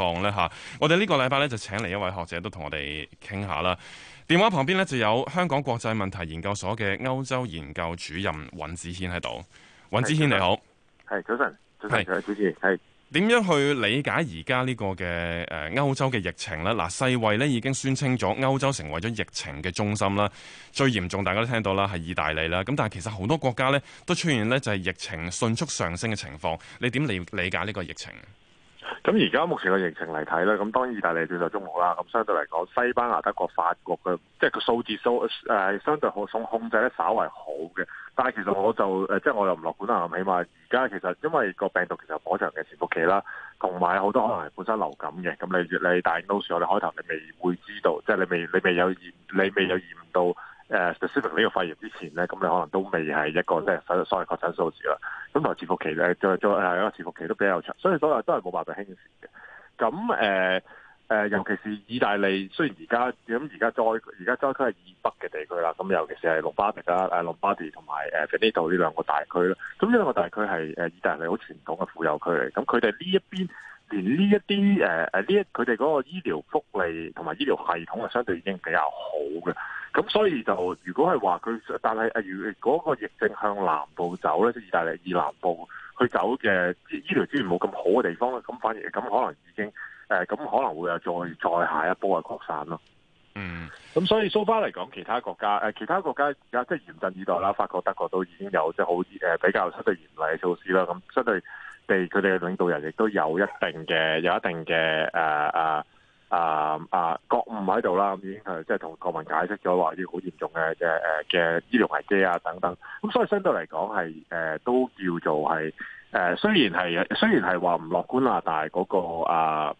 講我哋呢個禮拜咧就請嚟一位學者都同我哋傾下啦。電話旁邊呢，就有香港國際問題研究所嘅歐洲研究主任尹子軒喺度。尹子軒你好。係早晨，早晨，主持係。點樣去理解而家呢個嘅誒歐洲嘅疫情呢？嗱，世衛呢已經宣稱咗歐洲成為咗疫情嘅中心啦，最嚴重大家都聽到啦，係意大利啦。咁但係其實好多國家呢，都出現呢就係疫情迅速上升嘅情況。你點理理解呢個疫情？咁而家目前嘅疫情嚟睇咧，咁當然意大利最受中勞啦。咁相對嚟講，西班牙、德國、法國嘅，即係個數字數相對好，可控制得，稍為好嘅。但係其實我就即係我又唔樂觀啦。起碼而家其實因為個病毒其實火場嘅潛伏期啦，同埋好多可能係本身流感嘅。咁你越你大到時我哋開頭你未會知道，即係你未你未有你未有驗到。誒、呃，出現呢個肺炎之前咧，咁、嗯、你可能都未係一個即係所謂確診數字啦。咁同埋潛伏期咧，再再係一個潛伏期都比較長，所以所以都係冇辦法輕視嘅。咁誒誒，尤其是意大利，雖然而家咁而家災而家災區係以北嘅地區啦，咁、嗯、尤其是係倫巴迪啦、誒倫巴迪同埋誒威尼托呢兩個大區啦。咁呢兩個大區係誒、呃、意大利好傳統嘅富有區嚟，咁佢哋呢一邊。連呢一啲誒誒呢一佢哋嗰個醫療福利同埋醫療系統係相對已經比較好嘅，咁所以就如果係話佢，但係啊如嗰個疫症向南部走咧，即係意大利以南部去走嘅醫療資源冇咁好嘅地方咧，咁反而咁可能已經誒咁、呃、可能會有再再下一波嘅擴散咯。嗯，咁所以蘇巴嚟講，其他國家誒、呃、其他國家而家即係嚴陣以待啦，法國、德國都已經有即係好誒比較相對嚴厲嘅措施啦，咁相對。佢哋佢哋嘅領導人亦都有一定嘅有一定嘅覺悟喺度啦，咁、呃呃呃呃、已經係即係同國民解釋咗話啲好嚴重嘅嘅嘅醫療危機啊等等，咁所以相對嚟講係都叫做係、呃、雖然係雖然係話唔樂觀啊，但係嗰、嗰個啊。呃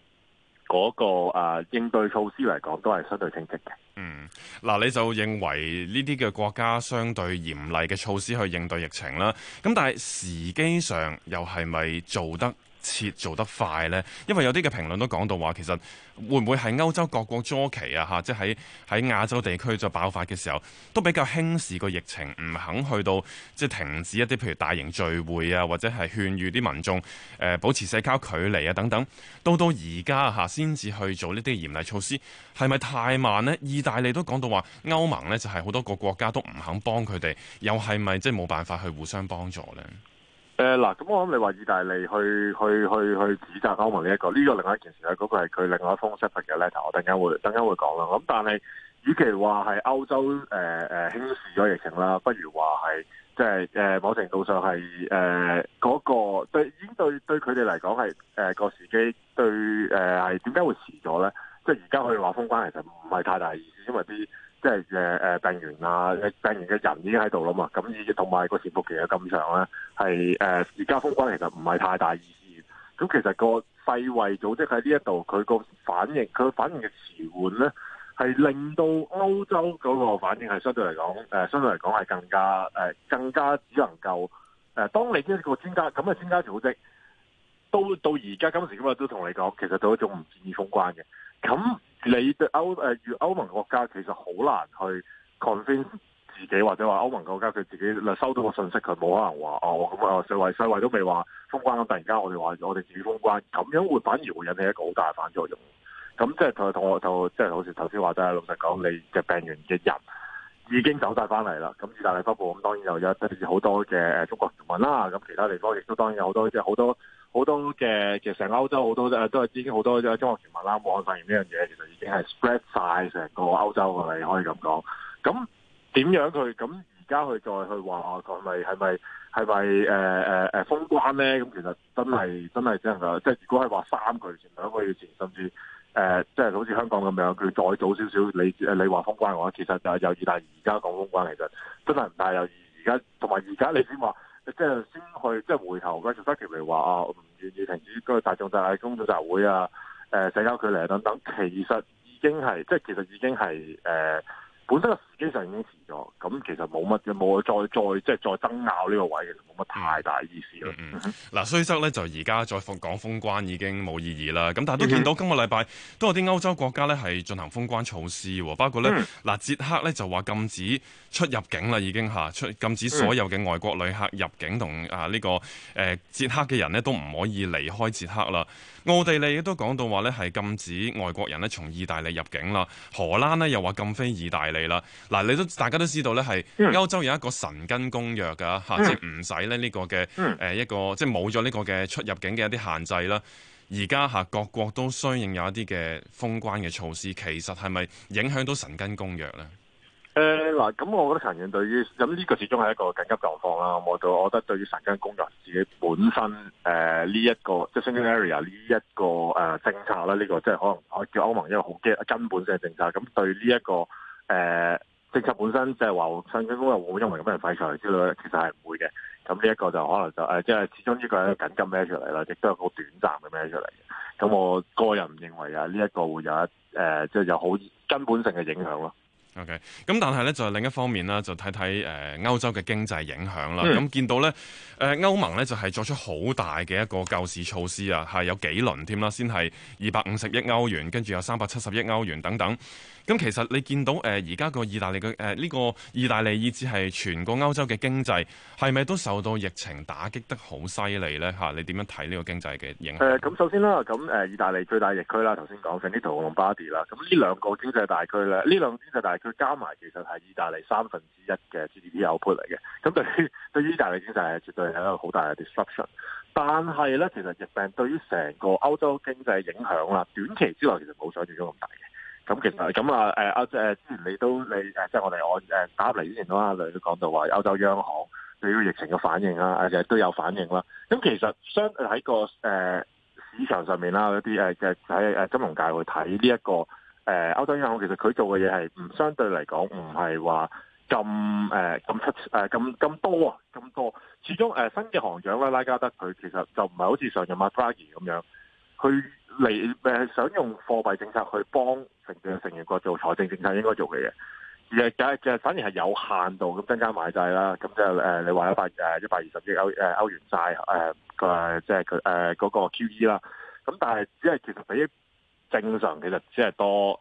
嗰、那個誒、啊、應對措施嚟講，都係相對清晰嘅。嗯，嗱，你就認為呢啲嘅國家相對嚴厲嘅措施去應對疫情啦？咁但係時機上又係咪做得切做得快呢，因為有啲嘅評論都講到話，其實會唔會係歐洲各國初期啊，吓，即係喺亞洲地區就爆發嘅時候，都比較輕視個疫情，唔肯去到即係停止一啲譬如大型聚會啊，或者係勸喻啲民眾誒保持社交距離啊等等。到到而家吓先至去做呢啲嚴厲措施，係咪太慢呢？意大利都講到話，歐盟呢就係好多個國家都唔肯幫佢哋，又係咪即係冇辦法去互相幫助呢？誒、嗯、嗱，咁我諗你話意大利去去去去指責歐盟呢、這、一個，呢、這個另外一件事咧，嗰、那個係佢另外一封新聞嘅 letter，我等間會等間會講啦。咁但係，與其話係歐洲誒誒、呃、輕視咗疫情啦，不如話係即係誒某程度上係誒嗰個對已經對對佢哋嚟講係誒、呃那個時機對誒係點解會遲咗咧？即、就是、係而家佢話話封關其實唔係太大意思，因為啲。即係誒誒，病源啊，誒病源嘅人已經喺度啦嘛，咁，以及同埋個潛伏期嘅咁長咧，係誒，而、呃、家封關其實唔係太大意思。咁其實個世衛組織喺呢一度，佢個反應，佢反應嘅遲緩咧，係令到歐洲嗰個反應係相對嚟講，誒、呃、相對嚟講係更加誒、呃、更加只能夠誒、呃，當你呢一個專家咁嘅專家組織，都到而家今時今日都同你講，其實都一種唔建議封關嘅，咁。你對歐誒與、呃、歐盟國家其實好難去 convince 自己或者話歐盟國家佢自己啦收到個信息，佢冇可能話、哦、啊我啊世衞世衞都未話封關，咁突然間我哋話我哋自己封關，咁樣會反而會引起一個好大反作用。咁即係同同就即、係、係好似頭先話嘅，老實講，你嘅病原嘅人已經走晒返嚟啦。咁意大利北部，咁當然又有好多嘅中國移民啦。咁其他地方亦都當然有好多即係好多。就是好多嘅，其實成歐洲好多、啊、都係已經好多中國移民啦，冇、啊、案發現呢樣嘢，其實已經係 spread 晒成個歐洲嘅，可以咁講。咁點樣佢咁而家佢再去話佢係咪係咪係咪誒封關咧？咁其實真係真係只能夠，即、就、係、是、如果係話三個月前兩個月前，甚至誒即係好似香港咁樣，佢再早少少，你你話封關嘅話，我其實就係有意。但而家講封關，其實真係唔太有意義。而家同埋而家你先話。即係先去，即係回頭嘅。即譬如話啊，唔願意停止嗰個大眾大眾、公眾集會啊，誒社交距離等等，其實已經係，即係其實已經係誒。呃本身個時已經遲咗，咁其實冇乜嘢，冇再再即係再爭拗呢個位置，其實冇乜太大意思咯。嗱、嗯，雖則咧就而家再講封關已經冇意義啦。咁但係都見到今個禮拜都有啲歐洲國家咧係進行封關措施喎，包括咧嗱、嗯、捷克咧就話禁止出入境啦，已經吓，出禁止所有嘅外國旅客入境同啊呢個誒捷克嘅人呢，都唔可以離開捷克啦。奧地利亦都講到話咧係禁止外國人咧從意大利入境啦。荷蘭呢，又話禁飛意大利。啦，嗱，你都大家都知道咧，係歐洲有一個神根公約噶吓、嗯，即係唔使咧呢個嘅誒、嗯、一個，即係冇咗呢個嘅出入境嘅一啲限制啦。而家吓各國都相應有一啲嘅封關嘅措施，其實係咪影響到神根公約咧？誒、呃，嗱，咁我覺得陳議對於咁呢個始終係一個緊急狀況啦。我我我覺得對於神根公約自己本身誒呢一個即係 Schengen Area 呢一個誒政策啦，呢個即係可能我叫歐盟一個好基根本性嘅政策，咁對呢一個。誒、呃、政策本身即係話新興工又會因為咁樣廢材之類，其實係唔會嘅。咁呢一個就可能就誒，即、呃、係始終呢個係一個緊急咩出嚟啦，亦都係好短暫嘅咩出嚟。咁我個人認為啊，呢一個會有一誒，即、呃、係有好根本性嘅影響咯。OK，咁但係咧就是、另一方面啦，就睇睇誒歐洲嘅經濟影響啦。咁、嗯、見到咧，誒、呃、歐盟咧就係、是、作出好大嘅一個救市措施啊，係有幾輪添啦，先係二百五十億歐元，跟住有三百七十億歐元等等。咁、嗯、其實你見到而家、呃呃個意大利嘅呢個意大利，以致係全個歐洲嘅經濟，係咪都受到疫情打擊得好犀利咧？吓，你點樣睇呢個經濟嘅影響？咁、呃、首先啦，咁、呃、意大利最大疫區啦，頭先講緊呢圖魯巴迪啦。咁呢兩個經濟大區咧，呢大加埋其實係意大利三分之一嘅 GDP output 嚟嘅，咁對於對於意大利經濟係絕對係一個好大嘅 disruption。但係咧，其實疫情對於成個歐洲經濟影響啦，短期之內其實冇想象中咁大嘅。咁其實咁啊，誒阿誒之前你都你誒即係我哋我誒打嚟之前都阿梁都講到話，歐洲央行對於疫情嘅反應啦，誒其實都有反應啦。咁其實相喺個誒、啊、市場上面啦，一啲誒嘅喺誒金融界會睇呢一個。誒歐洲央行其實佢做嘅嘢係唔相對嚟講唔係話咁誒咁出咁咁多啊咁多，始終誒、呃、新嘅行長啦拉加德佢其實就唔係好似上任阿 Draghi 咁樣，佢嚟、呃、想用貨幣政策去幫成個成員國做財政政策應該做嘅嘢，而係係、呃呃呃、反而係有限度咁增加買債啦，咁即係你話一百誒一百二十億歐元債誒即係佢嗰個 QE 啦，咁但係只係其實俾。正常其實只係多誒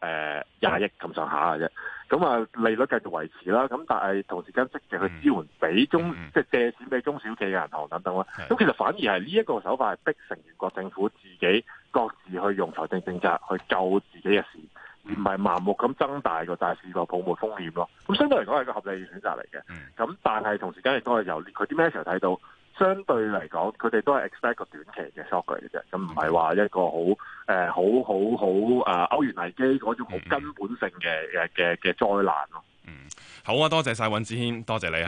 廿億咁上下嘅啫，咁啊利率繼續維持啦，咁但係同時間積極去支援俾中，即係借錢俾中小企嘅銀行等等啦。咁其實反而係呢一個手法係逼成員國政府自己各自去用財政政策去救自己嘅事，而唔係盲目咁增大個大市個泡沫風險咯。咁相對嚟講係一個合理嘅選擇嚟嘅。咁但係同時間亦都係由佢啲咩時候睇到。相對嚟講，佢哋都係 expect 個短期嘅 shortage 嚟嘅，咁唔係話一個好誒，好好好誒，歐元危機嗰種好根本性嘅嘅嘅嘅災難咯。嗯，好啊，多謝晒尹子軒，多謝你。啊、嗯。